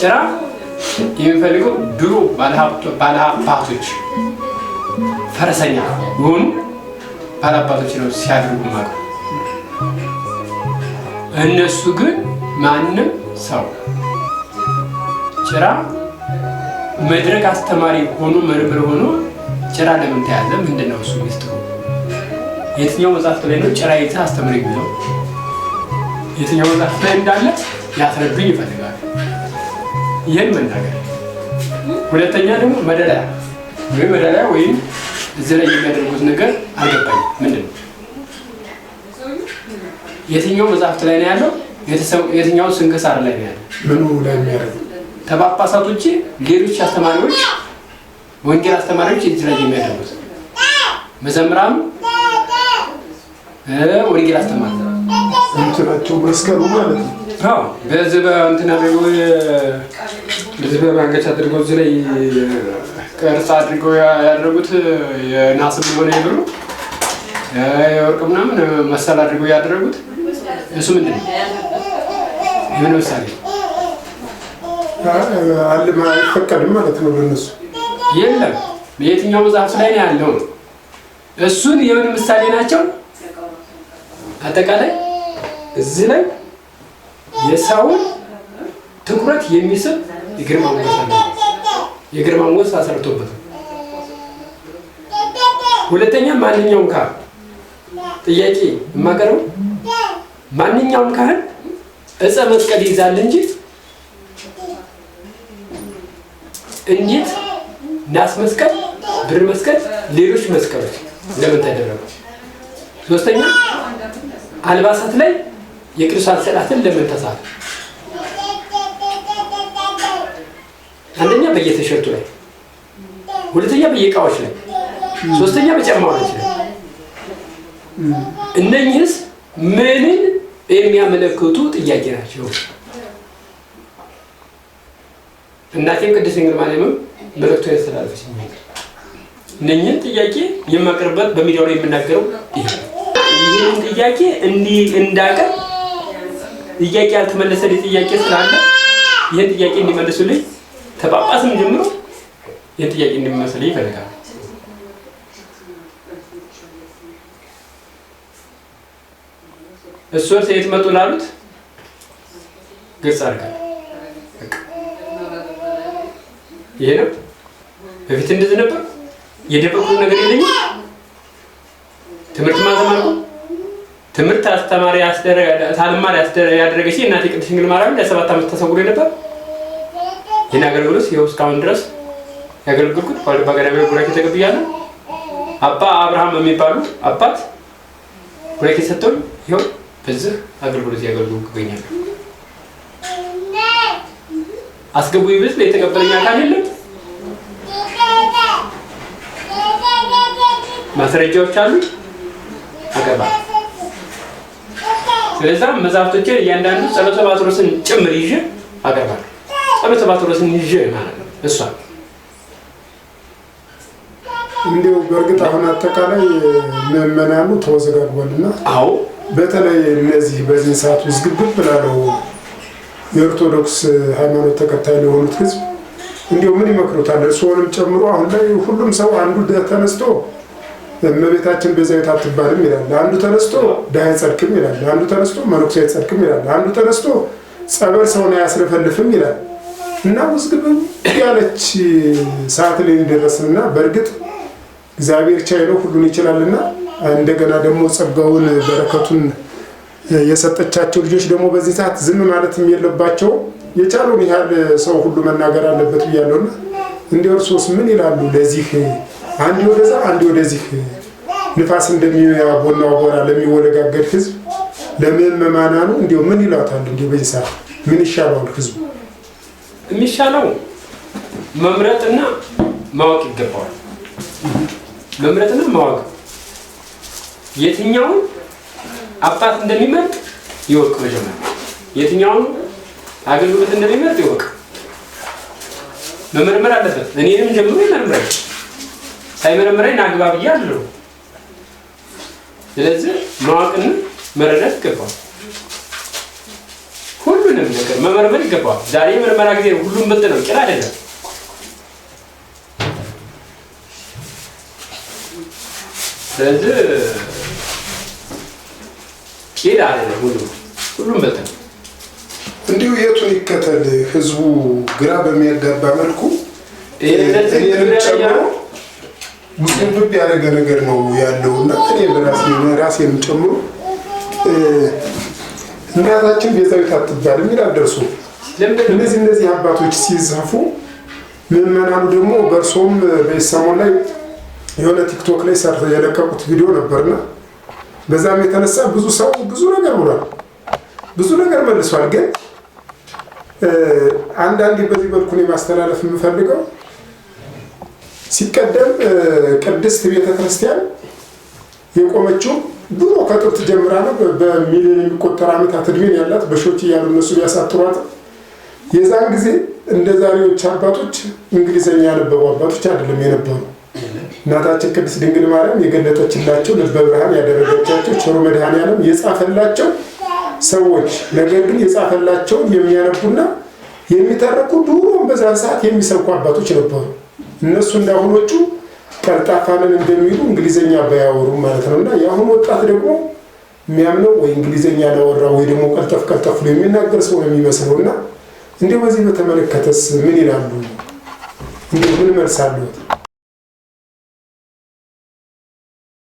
ጭራ የሚፈልገው ድሮ ባለአባቶች ፈረሰኛ የሆኑ ባለአባቶች ነው ሲያደርጉ ማለት እነሱ ግን ማንም ሰው ጭራ መድረክ አስተማሪ ሆኖ መርብር ሆኖ ጭራ ለምን ተያዘ? ምንድነው እሱ ሚስጥሩ? የትኛው መጽሐፍት ላይ ነው ጭራ ይዘህ አስተምር የሚለው? የትኛው መጽሐፍት ላይ እንዳለ ያስረዱኝ ይፈልጋል። ይህን መናገር። ሁለተኛ ደግሞ መደላ ወይ መደላ ወይም እዚህ ላይ የሚያደርጉት ነገር አልገባኝም። ምንድን ነው? የትኛው መጽሐፍት ላይ ነው ያለው? የትኛው ስንክሳር ላይ ነው ያለው? ምኑ ላይ የሚያደርጉ ከጳጳሳት ውጭ ሌሎች አስተማሪዎች፣ ወንጌል አስተማሪዎች እዚህ ላይ የሚያደርጉት መዘምራም ወንጌል አስተማሪ እንትናቸው መስቀሉ ማለት ነው አዎ በዚህ በእንትን አድርገው በዚህ በማንገቻ አድርገው እዚህ ላይ ቅርጽ አድርገው ያደረጉት የናስም ሆነ የብሩ የወርቅ ምናምን መሰል አድርገው ያደረጉት እሱ ምንድን ነው? ምን ምሳሌ አይፈቀድም ማለት ነው ለነሱ የለም። የትኛው መጽሐፍ ላይ ነው ያለው? እሱን የምን ምሳሌ ናቸው? አጠቃላይ እዚህ ላይ የሰውን ትኩረት የሚስብ የግርማ ሞገስ አለ። የግርማ ሞገስ አሰርቶበታል። ሁለተኛ ማንኛውም ካህን ጥያቄ የማቀርበው ማንኛውም ካህን እፀ መስቀል ይይዛል እንጂ እንዴት ናስ መስቀል፣ ብር መስቀል፣ ሌሎች መስቀሎች ለምን ተደረጉ? ሶስተኛ አልባሳት ላይ የቅዱሳን ስዕላትን ለመንተሳት አንደኛ በየቲሸርቱ ላይ፣ ሁለተኛ በየእቃዎች ላይ፣ ሶስተኛ በጫማዎች ላይ። እነኝህስ ምንን የሚያመለክቱ ጥያቄ ናቸው? እናቴም ቅድስት ድንግል ማርያምም መልእክቱ ያስተላለፈች እነኝህን ጥያቄ የማቀርበት በሚዲያው ላይ የምናገረው ይህ ይህን ጥያቄ እንዲህ እንዳቀር ጥያቄ ያልተመለሰልኝ ጥያቄ ስላለ ይህን ጥያቄ እንዲመልሱልኝ ተጳጳስም ጀምሮ ይህን ጥያቄ እንዲመልሱልኝ ይፈልጋል። እሱን ሴት መጡ ላሉት ግልጽ አድርጋል። ይሄ ነው። በፊት እንደዚህ ነበር። የደበቁት ነገር የለኝም ትምህርት አስተማሪ ሳልማር ያደረገች እናቴ ቅድስት ድንግል ማርያም ለሰባት ዓመት ተሰውሬ ነበር። ይህን አገልግሎት ይኸው እስካሁን ድረስ ያገለግልኩት በአገዳዊ ቡራኬ ተቀብያለሁ። አባ አብርሃም የሚባሉ አባት ቡራኬ ሰጥቶን ይኸው በዚህ አገልግሎት ያገልግሉ ይገኛሉ። አስገቡ ይብስ የተቀበለኝ አካል የለም። ማስረጃዎች አሉ አቀባ ለዛ መጽሐፍቶችን እያንዳንዱ ጸሎተ ባትሮስን ጭምር ይዤ አቀርባል ጸሎተ ባትሮስን ይዤ ማለት ነው። እሷ እንዲሁ በእርግጥ አሁን አጠቃላይ ምዕመናኑ ተወዘጋግቧልና፣ አዎ በተለይ እነዚህ በዚህ ሰዓት ውስጥ ግብብ ብላለው የኦርቶዶክስ ሃይማኖት ተከታይ ለሆኑት ህዝብ እንዲሁ ምን ይመክሩታል? እርስዎንም ጨምሮ አሁን ላይ ሁሉም ሰው አንዱ ተነስቶ እመቤታችን ቤዛዊት አትባልም ይላል አንዱ ተነስቶ ድሃ አይጸድቅም ይላል አንዱ ተነስቶ መነኩሴ አይጸድቅም ይላል አንዱ ተነስቶ ጸበል ሰውን አያስለፈልፍም ይላል እና ውዝግብ ያለች ሰዓት ላይ ደረስንና በእርግጥ እግዚአብሔር ቻይ ነው ሁሉን ይችላልና እንደገና ደግሞ ጸጋውን በረከቱን የሰጠቻቸው ልጆች ደግሞ በዚህ ሰዓት ዝም ማለትም የለባቸው የቻለውን ያህል ሰው ሁሉ መናገር አለበት ብያለሁና እንዲ እርሶስ ምን ይላሉ ለዚህ አንድ ወደዛ አንድ ወደዚህ ንፋስ እንደሚያቦና ወራ ለሚወለጋገድ ህዝብ ለምን መማና ነው እንዴ? ምን ይሏታል? እንዴ? በዚህ ሰዓት ምን ይሻላል? ህዝቡ የሚሻለው መምረጥና ማወቅ ይገባዋል። መምረጥና ማወቅ የትኛውን አባት እንደሚመርጥ ይወቅ። መጀመሪያ የትኛውን አገልግሎት እንደሚመርጥ ይወቅ። መመርመር አለበት። እኔንም ጀምሮ ይመርምራል። ሳይመረምረኝ አግባብ ብያለሁ። ስለዚህ ማወቅን መረዳት ይገባል። ሁሉንም ነገር መመርመር ይገባል። ዛሬ የምርመራ ጊዜ ሁሉም ብልጥ ነው፣ ቂል አይደለም። ስለዚህ ቂል አይደለም፣ ሁሉ ሁሉም ብልጥ ነው። እንዲሁ የቱን ይከተል ህዝቡ ግራ በሚያጋባ መልኩ ጨምሮ ውስብስብ ያደረገ ነገር ነው ያለው እና እኔ በራሴ ራሴን ጨምሮ እናታችን ቤዛዊት አትባልም ይላል ደርሶ። እነዚህ እነዚህ አባቶች ሲጻፉ ምዕመናኑ ደግሞ በእርሶም በሰሞን ላይ የሆነ ቲክቶክ ላይ ሰርተ የለቀቁት ቪዲዮ ነበርና በዛም የተነሳ ብዙ ሰው ብዙ ነገር ብሏል፣ ብዙ ነገር መልሷል። ግን አንዳንዴ በዚህ መልኩ ማስተላለፍ የምፈልገው ሲቀደም ቅድስት ቤተ ክርስቲያን የቆመችው ብሎ ከጥንት ጀምራ ነው። በሚሊዮን የሚቆጠር ዓመታት እድሜን ያላት በሺዎች እያሉ እነሱ ቢያሳጥሯት፣ የዛን ጊዜ እንደ ዛሬዎች አባቶች እንግሊዘኛ ያነበቡ አባቶች አይደለም የነበሩ። እናታችን ቅድስት ድንግል ማርያም የገለጠችላቸው ልበ ብርሃን ያደረገቻቸው ቸሩ መድኃኔዓለም የጻፈላቸው ሰዎች ነገር ግን የጻፈላቸውን የሚያነቡና የሚተረኩ ድሮም በዛን ሰዓት የሚሰብኩ አባቶች ነበሩ። እነሱ እንዳሁኖቹ ቀልጣፋንን እንደሚሉ እንግሊዘኛ ባያወሩ ማለት ነው። እና የአሁኑ ወጣት ደግሞ የሚያምነው ወይ እንግሊዘኛ ላወራ ወይ ደግሞ ቀልጠፍ ቀልጠፍ ብሎ የሚናገር ሰው ነው የሚመስለው። እና እንዲሁ በዚህ በተመለከተስ ምን ይላሉ? እንዲሁ ምን መልስ አለት